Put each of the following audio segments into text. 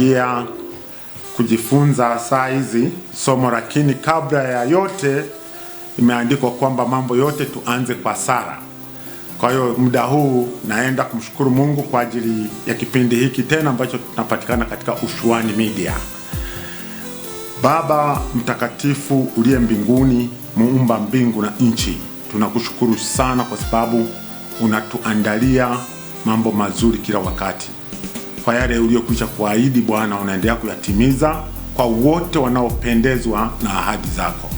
kuchangia kujifunza saa hizi somo, lakini kabla ya yote imeandikwa kwamba mambo yote tuanze kwa sala. Kwa hiyo muda huu naenda kumshukuru Mungu kwa ajili ya kipindi hiki tena ambacho tunapatikana katika Ushuani Media. Baba mtakatifu uliye mbinguni, muumba mbingu na nchi, tunakushukuru sana kwa sababu unatuandalia mambo mazuri kila wakati kwa yale uliyokwisha kuahidi Bwana, unaendelea kuyatimiza kwa wote wanaopendezwa na ahadi zako.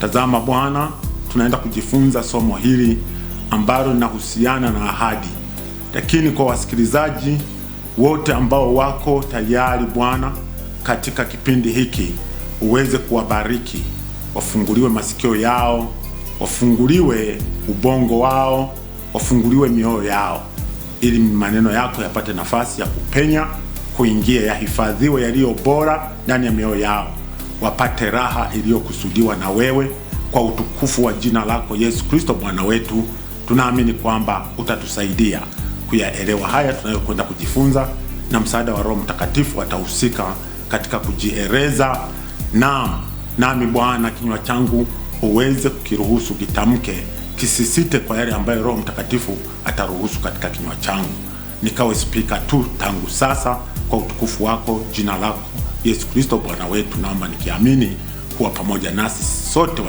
Tazama Bwana, tunaenda kujifunza somo hili ambalo linahusiana na ahadi, lakini kwa wasikilizaji wote ambao wako tayari Bwana, katika kipindi hiki uweze kuwabariki, wafunguliwe masikio yao, wafunguliwe ubongo wao, wafunguliwe mioyo yao ili maneno yako yapate nafasi ya kupenya kuingia, yahifadhiwe yaliyo bora ndani ya mioyo yao, wapate raha iliyokusudiwa na wewe, kwa utukufu wa jina lako Yesu Kristo Bwana wetu. Tunaamini kwamba utatusaidia kuyaelewa haya tunayokwenda kujifunza, na msaada wa Roho Mtakatifu atahusika katika kujieleza nam nami Bwana, kinywa changu uweze kukiruhusu kitamke kisisite kwa yale ambayo Roho Mtakatifu ataruhusu katika kinywa changu, nikawe spika tu tangu sasa, kwa utukufu wako, jina lako Yesu Kristo Bwana wetu, naomba nikiamini kuwa pamoja nasi sote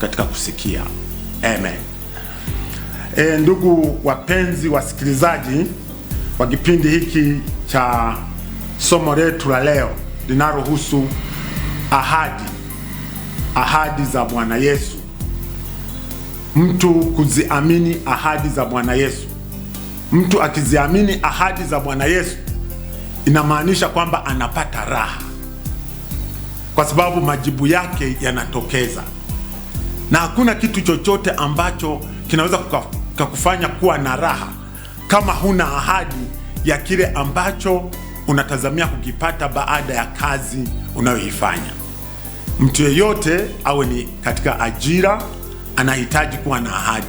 katika kusikia Amen. E, ndugu wapenzi wasikilizaji wa kipindi hiki cha somo letu la leo linalohusu ahadi, ahadi za Bwana Yesu mtu kuziamini ahadi za Bwana Yesu. Mtu akiziamini ahadi za Bwana Yesu inamaanisha kwamba anapata raha, kwa sababu majibu yake yanatokeza, na hakuna kitu chochote ambacho kinaweza kukufanya kuwa na raha kama huna ahadi ya kile ambacho unatazamia kukipata baada ya kazi unayoifanya. Mtu yeyote awe ni katika ajira anahitaji kuwa na ahadi.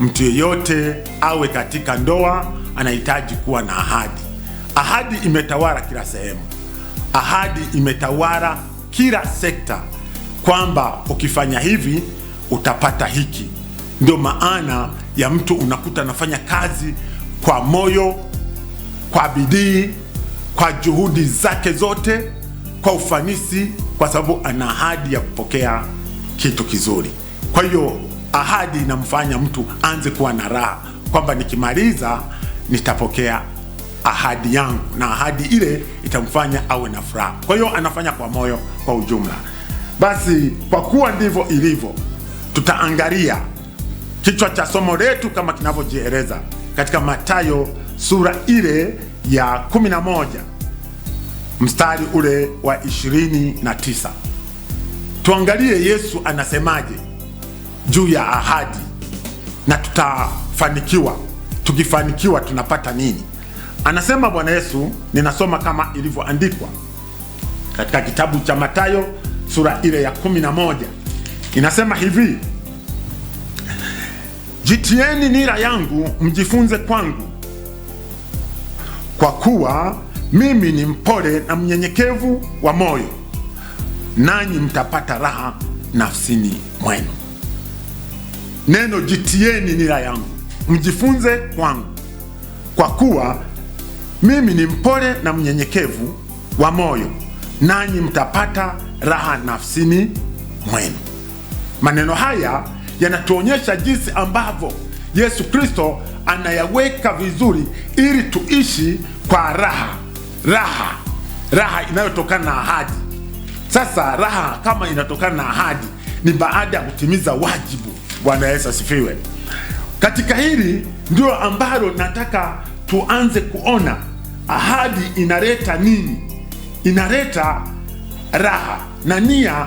Mtu yeyote awe katika ndoa anahitaji kuwa na ahadi. Ahadi imetawala kila sehemu, ahadi imetawala kila sekta, kwamba ukifanya hivi utapata hiki. Ndio maana ya mtu unakuta anafanya kazi kwa moyo, kwa bidii, kwa juhudi zake zote, kwa ufanisi, kwa sababu ana ahadi ya kupokea kitu kizuri. Kwa hiyo ahadi inamfanya mtu anze kuwa na raha kwamba nikimaliza nitapokea ahadi yangu, na ahadi ile itamfanya awe na furaha. Kwa hiyo anafanya kwa moyo kwa ujumla. Basi kwa kuwa ndivyo ilivyo, tutaangalia kichwa cha somo letu kama kinavyojieleza katika Mathayo sura ile ya 11 mstari ule wa 29. Tuangalie Yesu anasemaje juu ya ahadi na tutafanikiwa. Tukifanikiwa tunapata nini? Anasema Bwana Yesu, ninasoma kama ilivyoandikwa katika kitabu cha Mathayo sura ile ya moja inasema hivi: jitieni nira yangu mjifunze kwangu, kwa kuwa mimi ni mpole na mnyenyekevu wa moyo, nanyi mtapata raha nafsini mwenu. Neno jitieni nira yangu, mjifunze kwangu, kwa kuwa mimi ni mpole na mnyenyekevu wa moyo, nanyi mtapata raha nafsini mwenu. Maneno haya yanatuonyesha jinsi ambavyo Yesu Kristo anayaweka vizuri ili tuishi kwa raha, raha, raha inayotokana na ahadi. Sasa raha kama inatokana na ahadi, ni baada ya kutimiza wajibu Bwana Yesu asifiwe. Katika hili ndio ambalo nataka tuanze kuona ahadi inaleta nini? Inaleta raha na nia.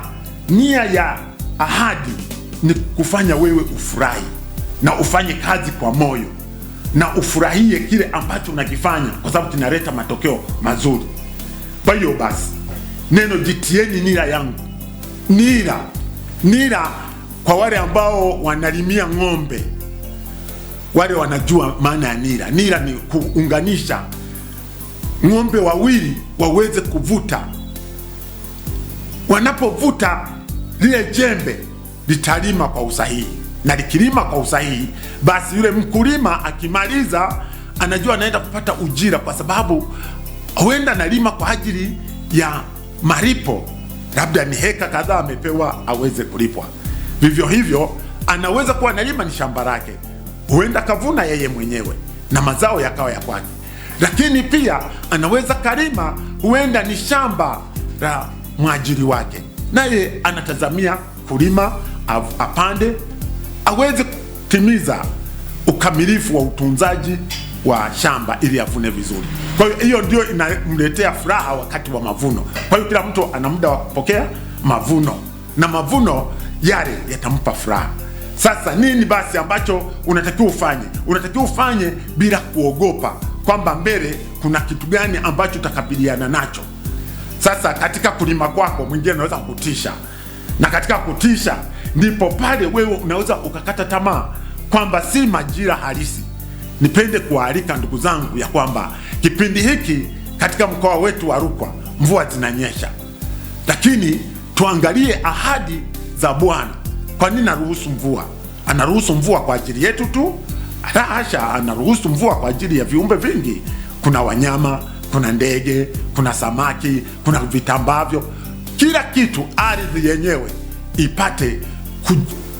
Nia ya ahadi ni kufanya wewe ufurahi na ufanye kazi kwa moyo na ufurahie kile ambacho unakifanya, kwa sababu kinaleta matokeo mazuri. Kwa hiyo basi, neno jitieni nira yangu, nira nira kwa wale ambao wanalimia ng'ombe, wale wanajua maana ya nira. Nira ni kuunganisha ng'ombe wawili waweze kuvuta, wanapovuta lile jembe litalima kwa usahihi, na likilima kwa usahihi, basi yule mkulima akimaliza, anajua anaenda kupata ujira, kwa sababu huenda analima kwa ajili ya malipo, labda ni heka kadhaa amepewa aweze kulipwa. Vivyo hivyo anaweza kuwa analima ni shamba lake, huenda kavuna yeye mwenyewe na mazao yakawa ya kwake, lakini pia anaweza kalima, huenda ni shamba la mwajiri wake, naye anatazamia kulima apande, aweze kutimiza ukamilifu wa utunzaji wa shamba ili avune vizuri. Kwa hiyo hiyo ndio inamletea furaha wakati wa mavuno. Kwa hiyo kila mtu ana muda wa kupokea mavuno na mavuno yale yatampa furaha. Sasa nini basi ambacho unatakiwa ufanye? Unatakiwa ufanye bila kuogopa kwamba mbele kuna kitu gani ambacho utakabiliana nacho. Sasa katika kulima kwako, mwingine anaweza kutisha, na katika kutisha ndipo pale wewe unaweza ukakata tamaa kwamba si majira halisi. Nipende kuwaalika ndugu zangu ya kwamba kipindi hiki katika mkoa wetu wa Rukwa mvua zinanyesha, lakini tuangalie ahadi za Bwana. Kwa nini anaruhusu mvua? Anaruhusu mvua kwa ajili yetu tu? Hasha, anaruhusu mvua kwa ajili ya viumbe vingi. Kuna wanyama, kuna ndege, kuna samaki, kuna vitambavyo, kila kitu, ardhi yenyewe ipate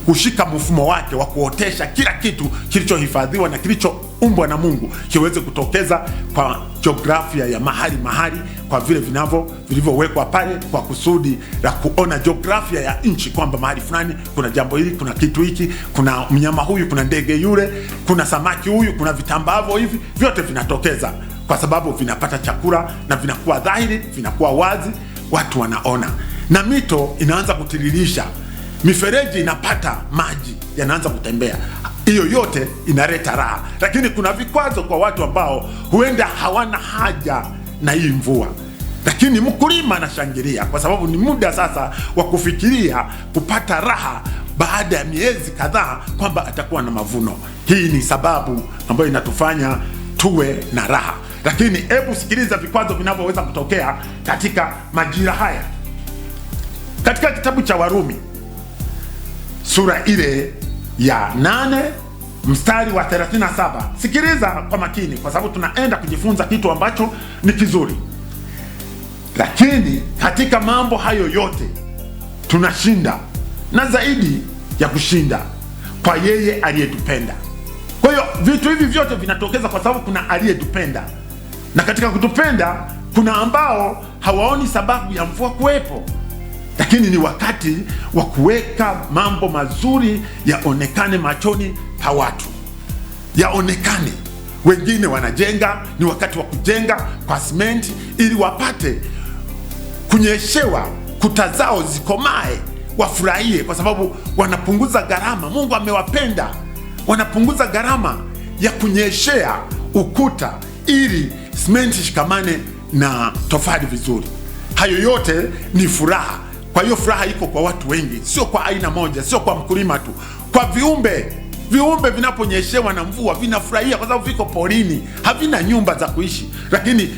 kushika mfumo wake wa kuotesha kila kitu kilichohifadhiwa na kilichoumbwa na Mungu kiweze kutokeza kwa jiografia ya mahali mahali, kwa vile vinavyo vilivyowekwa pale kwa kusudi la kuona jiografia ya nchi kwamba mahali fulani kuna jambo hili, kuna kitu hiki, kuna mnyama huyu, kuna ndege yule, kuna samaki huyu, kuna vitambavyo hivi, vyote vinatokeza kwa sababu vinapata chakula na vinakuwa dhahiri, vinakuwa wazi, watu wanaona, na mito inaanza kutiririsha mifereji inapata maji yanaanza kutembea. Hiyo yote inaleta raha, lakini kuna vikwazo kwa watu ambao huenda hawana haja na hii mvua, lakini mkulima anashangilia kwa sababu ni muda sasa wa kufikiria kupata raha baada ya miezi kadhaa kwamba atakuwa na mavuno. Hii ni sababu ambayo inatufanya tuwe na raha, lakini hebu sikiliza vikwazo vinavyoweza kutokea katika majira haya. Katika kitabu cha Warumi sura ile ya 8 mstari wa 37. Sikiliza kwa makini, kwa sababu tunaenda kujifunza kitu ambacho ni kizuri. Lakini katika mambo hayo yote tunashinda na zaidi ya kushinda kwa yeye aliyetupenda. Kwa hiyo vitu hivi vyote vinatokeza kwa sababu kuna aliyetupenda, na katika kutupenda kuna ambao hawaoni sababu ya mvua kuwepo lakini ni wakati wa kuweka mambo mazuri yaonekane machoni pa watu, yaonekane. Wengine wanajenga, ni wakati wa kujenga kwa simenti ili wapate kunyeshewa, kuta zao zikomae, wafurahie, kwa sababu wanapunguza gharama. Mungu amewapenda, wanapunguza gharama ya kunyeshea ukuta ili simenti shikamane na tofali vizuri. Hayo yote ni furaha kwa hiyo furaha iko kwa watu wengi, sio kwa aina moja, sio kwa mkulima tu, kwa viumbe. Viumbe vinaponyeshewa na mvua vinafurahia kwa sababu viko porini, havina nyumba za kuishi, lakini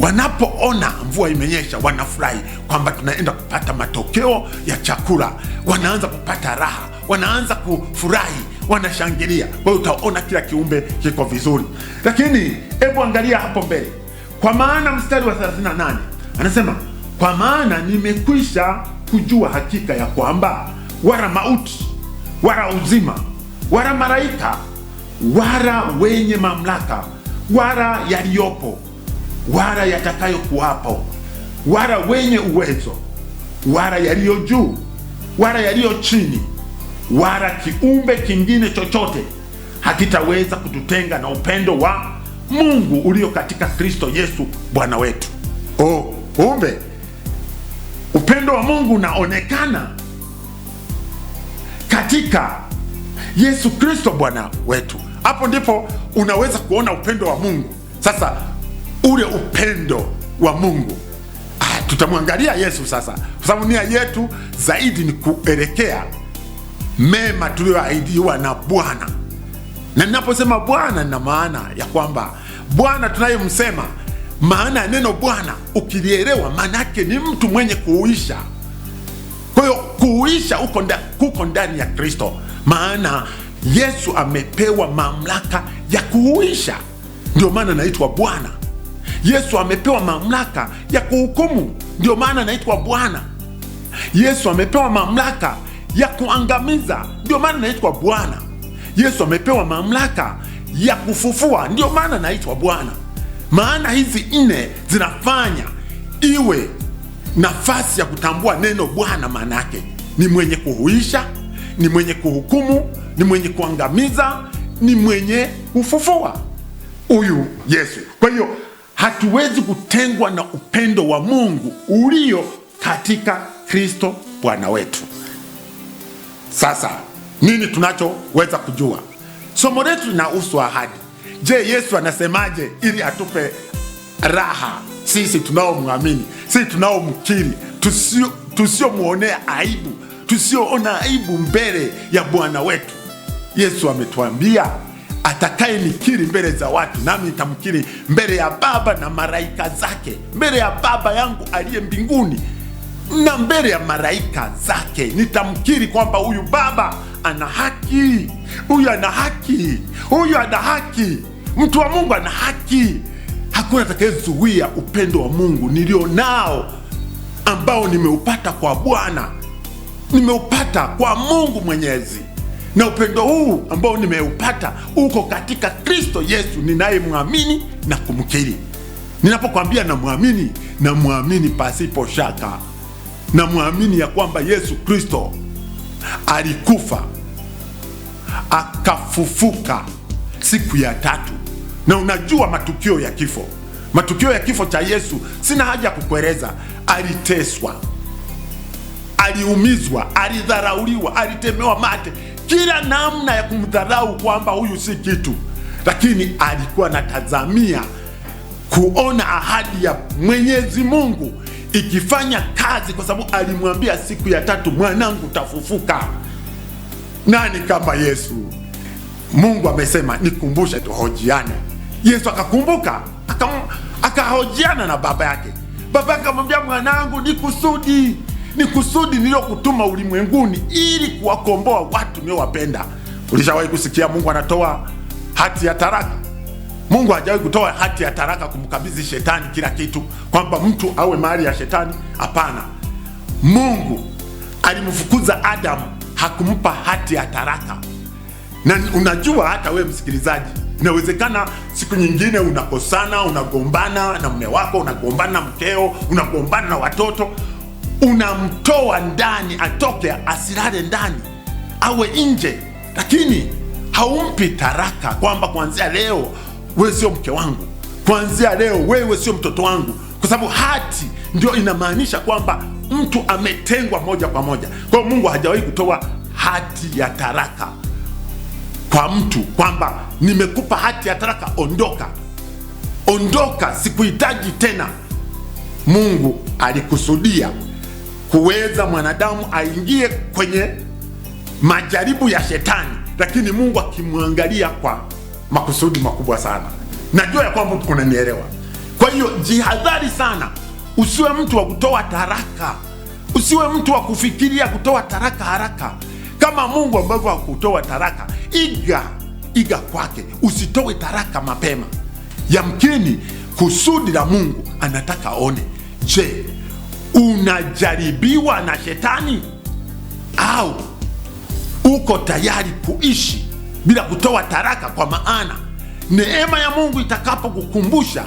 wanapoona mvua imenyesha wanafurahi kwamba tunaenda kupata matokeo ya chakula. Wanaanza kupata raha, wanaanza kufurahi, wanashangilia. Kwa hiyo utaona kila kiumbe kiko vizuri, lakini hebu angalia hapo mbele, kwa maana mstari wa 38 anasema kwa maana nimekwisha kujua hakika ya kwamba wala mauti wala uzima wala malaika wala wenye mamlaka wala yaliyopo wala yatakayokuwapo wala wenye uwezo wala yaliyo juu wala yaliyo chini wala kiumbe kingine chochote hakitaweza kututenga na upendo wa Mungu ulio katika Kristo Yesu Bwana wetu. Oh, kumbe Upendo wa Mungu unaonekana katika Yesu Kristo Bwana wetu. Hapo ndipo unaweza kuona upendo wa Mungu. Sasa ule upendo wa Mungu ah, tutamwangalia Yesu sasa, kwa sababu nia yetu zaidi ni kuelekea mema tuliyoahidiwa na Bwana, na ninaposema Bwana nina maana ya kwamba Bwana tunayemsema maana ya neno Bwana ukilielewa, maana yake ni mtu mwenye kuuisha. Kwa hiyo kuuisha kuko ndani ya Kristo, maana Yesu amepewa mamlaka ya kuuisha, ndio maana anaitwa Bwana. Yesu amepewa mamlaka ya kuhukumu, ndio maana anaitwa Bwana. Yesu amepewa mamlaka ya kuangamiza, ndio maana anaitwa Bwana. Yesu amepewa mamlaka ya kufufua, ndio maana anaitwa Bwana. Maana hizi nne zinafanya iwe nafasi ya kutambua neno Bwana. Maana yake ni mwenye kuhuisha, ni mwenye kuhukumu, ni mwenye kuangamiza, ni mwenye kufufua huyu Yesu. Kwa hiyo hatuwezi kutengwa na upendo wa Mungu ulio katika Kristo Bwana wetu. Sasa nini tunachoweza kujua? Somo letu linahusu ahadi. Je, Yesu anasemaje ili atupe raha sisi tunaomwamini, sisi tunaomkiri, tusiomwonea aibu, tusioona aibu mbele ya Bwana wetu. Yesu ametuambia atakaye nikiri mbele za watu, nami nitamkiri mbele ya Baba na maraika zake, mbele ya Baba yangu aliye mbinguni na mbele ya maraika zake nitamkiri kwamba huyu Baba ana haki, huyu ana haki, huyu ana haki. Mtu wa Mungu ana haki. Hakuna atakayezuia upendo wa Mungu nilio nao ambao nimeupata kwa Bwana, nimeupata kwa Mungu Mwenyezi, na upendo huu ambao nimeupata uko katika Kristo Yesu ninayemwamini na kumkiri. Ninapokwambia namwamini, namwamini pasipo shaka, namwamini ya kwamba Yesu Kristo alikufa akafufuka siku ya tatu na unajua matukio ya kifo, matukio ya kifo cha Yesu sina haja kukueleza. Aliteswa, aliumizwa, alidharauliwa, alitemewa mate, kila namna ya kumdharau kwamba huyu si kitu, lakini alikuwa anatazamia kuona ahadi ya Mwenyezi Mungu ikifanya kazi, kwa sababu alimwambia siku ya tatu, mwanangu tafufuka. Nani kama Yesu? Mungu amesema nikumbushe, tuhojiane. Yesu akakumbuka, akahojiana na baba yake. Baba yake akamwambia, mwanangu, ni kusudi ni kusudi nilokutuma ulimwenguni ili kuwakomboa watu niowapenda. Ulishawahi kusikia Mungu anatoa hati ya taraka? Mungu hajawahi kutoa hati ya taraka kumkabidhi shetani kila kitu, kwamba mtu awe mali ya shetani. Hapana, Mungu alimfukuza Adamu, hakumpa hati ya taraka. Na unajua hata wewe msikilizaji Inawezekana siku nyingine unakosana, unagombana na mume wako, unagombana na mkeo, unagombana na watoto, unamtoa ndani atoke, asilale ndani, awe nje, lakini haumpi taraka kwamba kuanzia leo wewe sio mke wangu, kuanzia leo wewe sio mtoto wangu, kwa sababu hati ndio inamaanisha kwamba mtu ametengwa moja kwa moja. Kwa hiyo Mungu hajawahi kutoa hati ya taraka kwa mtu kwamba nimekupa hati ya taraka ondoka, ondoka, sikuhitaji tena. Mungu alikusudia kuweza mwanadamu aingie kwenye majaribu ya shetani, lakini Mungu akimwangalia kwa makusudi makubwa sana. Najua ya kwamba kunanielewa. Kwa hiyo jihadhari sana, usiwe mtu wa kutoa taraka, usiwe mtu wa kufikiria kutoa taraka haraka. Kama Mungu ambavyo hakutoa taraka, iga iga kwake, usitoe taraka mapema. Yamkini kusudi la Mungu anataka aone, je, unajaribiwa na shetani au uko tayari kuishi bila kutoa taraka? Kwa maana neema ya Mungu itakapokukumbusha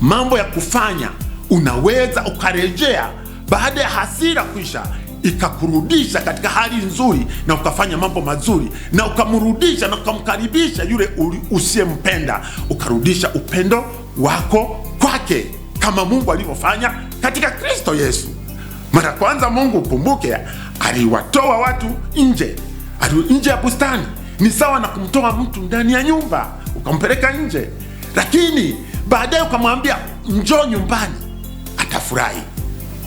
mambo ya kufanya, unaweza ukarejea baada ya hasira kuisha ikakurudisha katika hali nzuri na ukafanya mambo mazuri na ukamrudisha na ukamkaribisha yule usiyempenda, ukarudisha upendo wako kwake kama Mungu alivyofanya katika Kristo Yesu. Mara kwanza, Mungu ukumbuke, aliwatoa watu nje, nje ya bustani. Ni sawa na kumtoa mtu ndani ya nyumba ukampeleka nje, lakini baadaye ukamwambia njoo nyumbani, atafurahi.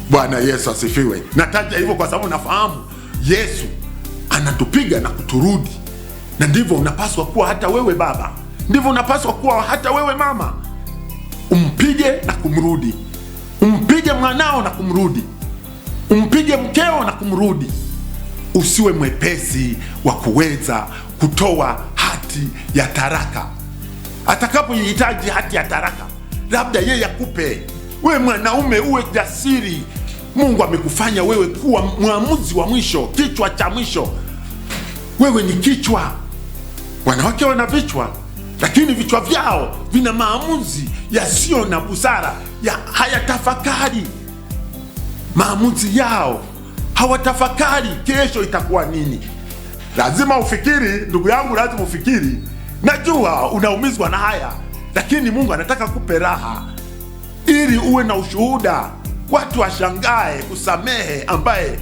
Bwana Yesu asifiwe. Nataja hivyo kwa sababu nafahamu Yesu anatupiga na kuturudi, na ndivyo unapaswa kuwa hata wewe baba, ndivyo unapaswa kuwa hata wewe mama, umpige na kumrudi, umpige mwanao na kumrudi, umpige mkeo na kumrudi. Usiwe mwepesi wa kuweza kutoa hati ya taraka. Atakapoihitaji hati ya taraka, labda yeye akupe. Wewe mwanaume uwe jasiri Mungu amekufanya wewe kuwa mwamuzi wa mwisho, kichwa cha mwisho. Wewe ni kichwa. Wanawake wana vichwa, lakini vichwa vyao vina maamuzi yasiyo na busara, ya hayatafakari maamuzi yao, hawatafakari kesho itakuwa nini. Lazima ufikiri, ndugu yangu, lazima ufikiri. Najua unaumizwa na haya, lakini Mungu anataka kupe raha ili uwe na ushuhuda watu washangae kusamehe ambaye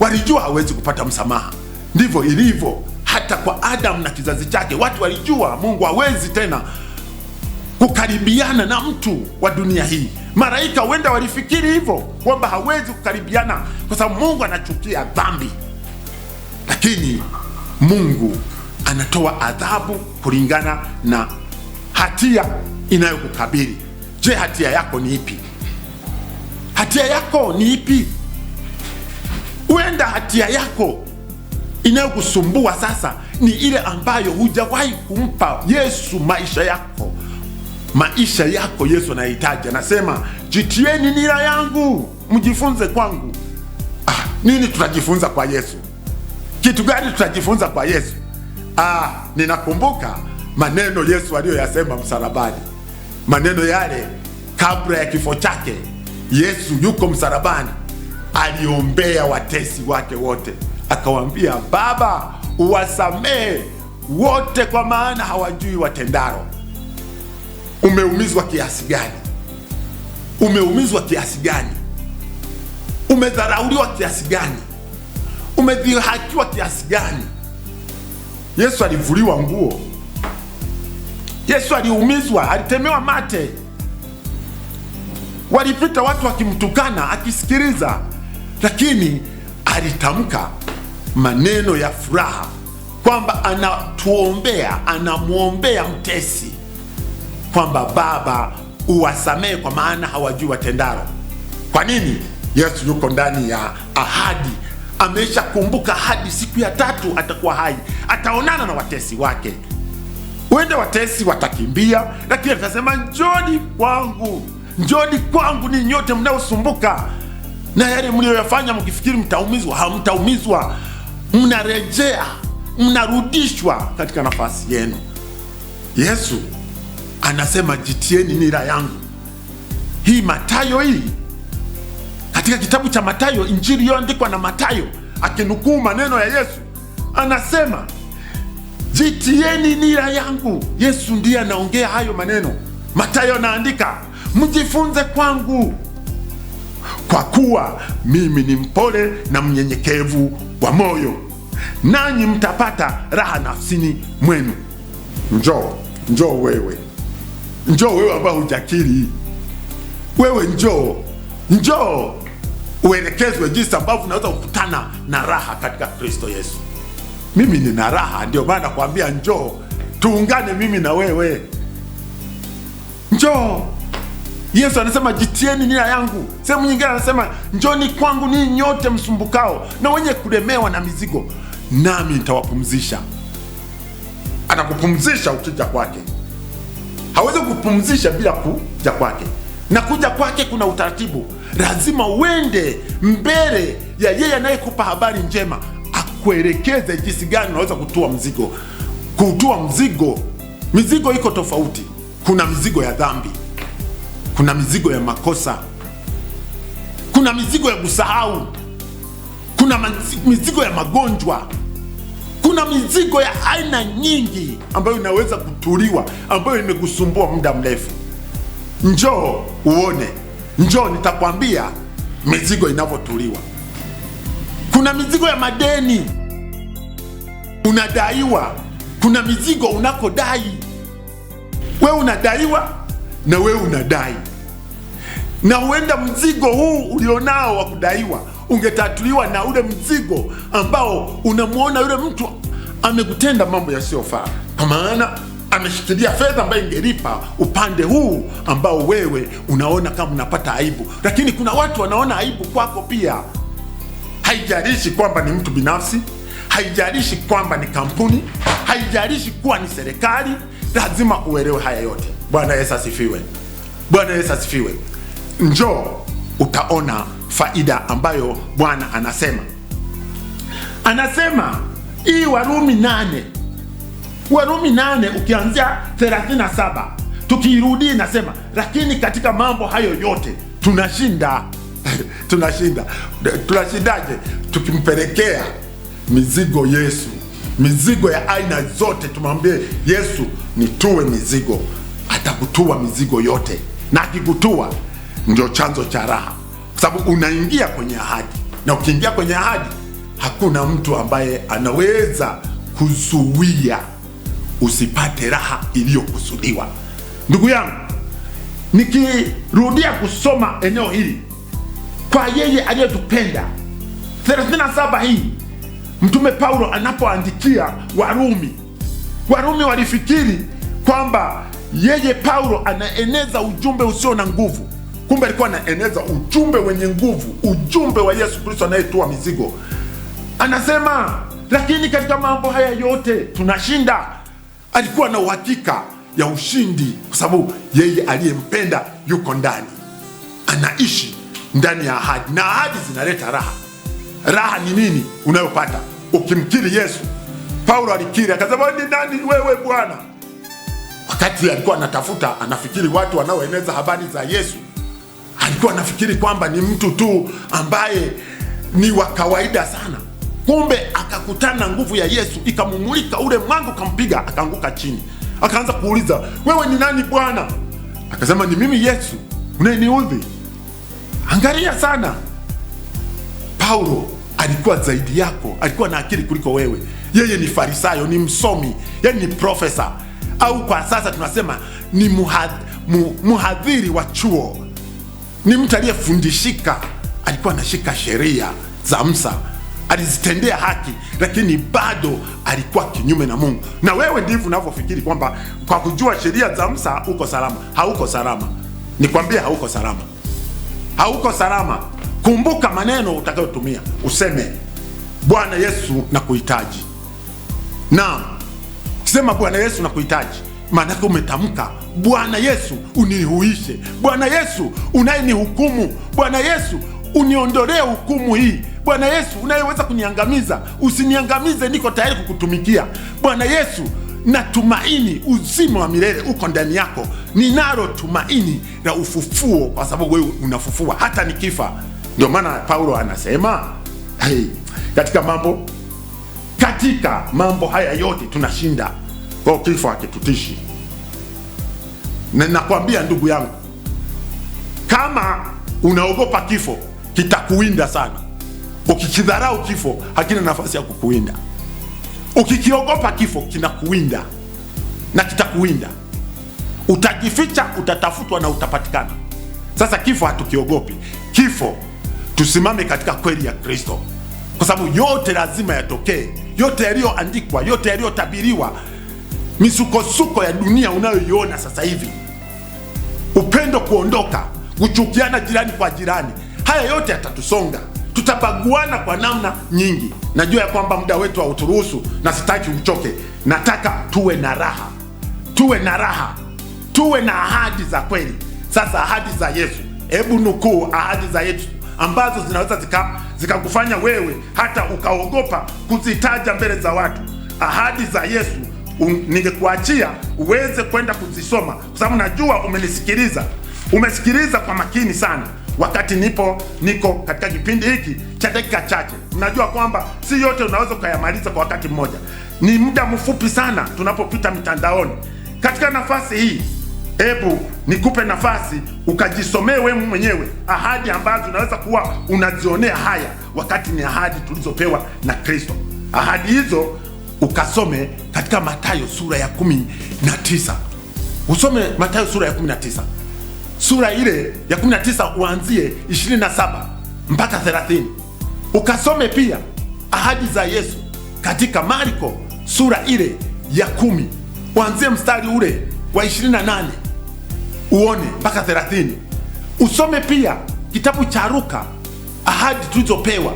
walijua hawezi kupata msamaha. Ndivyo ilivyo hata kwa Adamu na kizazi chake. Watu walijua Mungu hawezi tena kukaribiana na mtu wa dunia hii. Malaika huenda walifikiri hivyo kwamba hawezi kukaribiana kwa sababu Mungu anachukia dhambi, lakini Mungu anatoa adhabu kulingana na hatia inayokukabili. Je, hatia yako ni ipi? hatia yako ni ipi? Huenda hatia yako inayokusumbua sasa ni ile ambayo hujawahi kumpa Yesu maisha yako. Maisha yako Yesu anahitaji. Anasema, jitieni nira yangu mjifunze kwangu. Ah, nini tutajifunza kwa Yesu? Kitu gani tutajifunza kwa Yesu? Ah, ninakumbuka maneno Yesu aliyoyasema msalabani, maneno yale kabla ya kifo chake Yesu yuko msalabani, aliombea watesi wake wote, akawaambia Baba, uwasamehe wote, kwa maana hawajui watendaro. Umeumizwa kiasi gani? Umeumizwa kiasi gani? Umedharauliwa kiasi gani? Umedhihakiwa kiasi gani? Yesu alivuliwa nguo, Yesu aliumizwa, alitemewa mate Walipita watu wakimtukana, akisikiliza, lakini alitamka maneno ya furaha kwamba anatuombea, anamwombea mtesi kwamba Baba uwasamehe kwa maana hawajui watendalo. Kwa nini? Yesu yuko ndani ya ahadi, ameshakumbuka hadi siku ya tatu atakuwa hai, ataonana na watesi wake. Wende watesi watakimbia, lakini atasema njoni kwangu njoni kwangu ni nyote mnaosumbuka na yale mliyoyafanya mkifikiri mtaumizwa, hamtaumizwa. Mnarejea, mnarudishwa katika nafasi yenu. Yesu anasema jitieni nira yangu hii. Matayo hii katika kitabu cha Matayo, injili iliyoandikwa na Matayo akinukuu maneno ya Yesu anasema jitieni nira yangu. Yesu ndiye anaongea hayo maneno. Matayo anaandika mjifunze kwangu, kwa kuwa mimi ni mpole na mnyenyekevu wa moyo, nanyi mtapata raha nafsini mwenu. Njoo, njoo wewe, njoo wewe ambaye hujakiri, wewe njoo, njoo uelekezwe jinsi ambavyo unaweza kukutana na raha katika Kristo Yesu. Mimi nina raha, ndio maana nakwambia njoo, tuungane mimi na wewe, njoo. Yesu anasema jitieni nira yangu. Sehemu nyingine anasema njoni kwangu ninyi nyote msumbukao na wenye kulemewa na mizigo, nami nitawapumzisha. Anakupumzisha ukija kwake. Hawezi kupumzisha bila kuja kwake, na kuja kwake kuna utaratibu. Lazima uende mbele ya yeye anayekupa habari njema, akuelekeze jinsi gani unaweza kutua mzigo. Kutua mzigo, mizigo iko tofauti. Kuna mizigo ya dhambi kuna mizigo ya makosa, kuna mizigo ya kusahau, kuna mizigo ya magonjwa, kuna mizigo ya aina nyingi ambayo inaweza kutuliwa, ambayo imekusumbua muda mrefu. Njoo uone, njoo nitakwambia mizigo inavyotuliwa. Kuna mizigo ya madeni unadaiwa, kuna mizigo unakodai, we unadaiwa na wewe unadai na huenda mzigo huu ulionao wa kudaiwa ungetatuliwa na ule mzigo ambao unamwona yule mtu amekutenda mambo yasiyofaa, kwa maana ameshikilia fedha ambayo ingelipa upande huu ambao wewe unaona kama unapata aibu, lakini kuna watu wanaona aibu kwako pia. Haijalishi kwamba ni mtu binafsi, haijalishi kwamba ni kampuni, haijalishi kuwa ni serikali, lazima uelewe haya yote. Bwana Yesu asifiwe! Bwana Yesu asifiwe! njoo utaona faida ambayo Bwana anasema. Anasema hii Warumi nane Warumi nane ukianzia 37 tukiirudi inasema, lakini katika mambo hayo yote tunashinda tunashinda. Tunashindaje? Tukimpelekea mizigo Yesu, mizigo ya aina zote. Tumwambie Yesu, nitue mizigo, atakutua mizigo yote, na akikutua ndio chanzo cha raha, kwa sababu unaingia kwenye ahadi, na ukiingia kwenye ahadi hakuna mtu ambaye anaweza kuzuia usipate raha iliyokusudiwa. Ndugu yangu, nikirudia kusoma eneo hili, kwa yeye aliyetupenda 37 hii Mtume Paulo anapoandikia Warumi, Warumi walifikiri kwamba yeye Paulo anaeneza ujumbe usio na nguvu Kumbe alikuwa anaeneza ujumbe wenye nguvu, ujumbe wa Yesu Kristo anayetoa mizigo. Anasema, lakini katika mambo haya yote tunashinda. Alikuwa na uhakika ya ushindi, kwa sababu yeye aliyempenda yuko ndani, anaishi ndani ya ahadi, na ahadi zinaleta raha. Raha ni nini unayopata ukimkiri Yesu? Paulo alikiri akasema, ni nani wewe Bwana? Wakati alikuwa anatafuta, anafikiri watu wanaoeneza habari za Yesu alikuwa anafikiri kwamba ni mtu tu ambaye ni wa kawaida sana, kumbe akakutana nguvu ya Yesu ikamumulika ule mwanga kampiga akaanguka chini. Akaanza kuuliza wewe ni nani Bwana? Akasema ni mimi Yesu unayeniudhi. Angalia sana, Paulo alikuwa zaidi yako, alikuwa na akili kuliko wewe. Yeye ni Farisayo, ni msomi, yeye ni profesa, au kwa sasa tunasema ni muhadhiri wa chuo ni mtu aliyefundishika, alikuwa anashika sheria za Musa, alizitendea haki, lakini bado alikuwa kinyume na Mungu. Na wewe ndivyo unavyofikiri kwamba kwa kujua sheria za Musa uko salama. Hauko salama, nikwambie, hauko salama, hauko salama. Kumbuka maneno utakayotumia, useme Bwana Yesu nakuhitaji. Naam, sema Bwana Yesu nakuhitaji maanake umetamka Bwana Yesu unihuishe, Bwana Yesu unayenihukumu, Bwana Yesu uniondolee hukumu hii, Bwana Yesu unayeweza kuniangamiza usiniangamize, niko tayari kukutumikia. Bwana Yesu natumaini uzima wa milele uko ndani yako, ninalo tumaini la ufufuo, kwa sababu wewe unafufua hata nikifa. Ndio maana Paulo anasema hey, katika mambo katika mambo haya yote tunashinda kwa kifo hakitutishi, na ndugu yangu, kama unaogopa kifo kitakuwinda sana. Ukikidharau kifo hakina nafasi ya kukuwinda. Ukikiogopa kifo kinakuwinda na kitakuwinda, utajificha, utatafutwa na utapatikana. Sasa kifo hatukiogopi kifo, tusimame katika kweli ya Kristo, kwa sababu yote lazima yatokee, yote yaliyoandikwa, yote yaliyotabiriwa misukosuko ya dunia unayoiona sasa hivi, upendo kuondoka, kuchukiana jirani kwa jirani, haya yote yatatusonga, tutabaguana kwa namna nyingi. Najua ya kwamba muda wetu hauturuhusu na sitaki uchoke. Nataka tuwe na raha, tuwe na raha, tuwe na ahadi za kweli. Sasa ahadi za Yesu, hebu nukuu ahadi za Yesu ambazo zinaweza zikakufanya zika wewe hata ukaogopa kuzitaja mbele za watu. Ahadi za Yesu ningekuachia uweze kwenda kuzisoma, kwa sababu najua umenisikiliza, umesikiliza kwa makini sana wakati nipo niko katika kipindi hiki cha dakika chache. Mnajua kwamba si yote unaweza ukayamaliza kwa wakati mmoja, ni muda mfupi sana tunapopita mitandaoni. Katika nafasi hii, hebu nikupe nafasi ukajisomee wewe mwenyewe ahadi ambazo unaweza kuwa unazionea haya, wakati ni ahadi tulizopewa na Kristo. Ahadi hizo ukasome katika Mathayo sura ya kumi na tisa usome Mathayo sura ya kumi na tisa sura ile ya kumi na tisa uanzie ishirini na saba mpaka thelathini ukasome pia ahadi za Yesu katika Marko sura ile ya kumi uanzie mstari ule wa 28 uone mpaka thelathini Usome pia kitabu cha Luka ahadi tulizopewa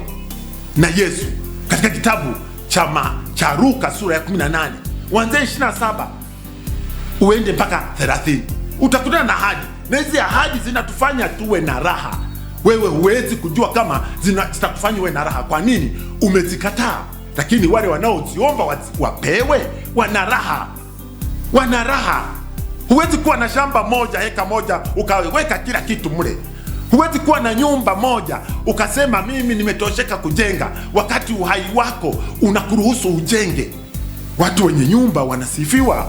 na Yesu katika kitabu cha cha Luka sura ya 18 uanzie 27 uende mpaka 30 utakutana na ahadi, na hizi ahadi zinatufanya tuwe na raha. Wewe huwezi kujua kama zitakufanya uwe na raha. Kwa nini? Umezikataa. Lakini wale wanaoziomba wapewe wana raha, wana raha. Huwezi kuwa na shamba moja, heka moja, ukaweka kila kitu mle Huwezi kuwa na nyumba moja ukasema mimi nimetosheka kujenga, wakati uhai wako unakuruhusu ujenge. Watu wenye nyumba wanasifiwa.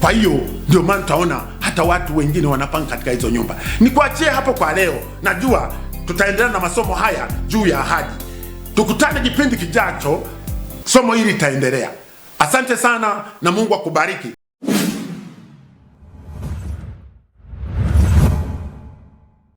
Kwa hiyo ndio maana tutaona hata watu wengine wanapanga katika hizo nyumba. Nikuachie hapo kwa leo, najua tutaendelea na masomo haya juu ya ahadi. Tukutane kipindi kijacho, somo hili litaendelea. Asante sana na Mungu akubariki.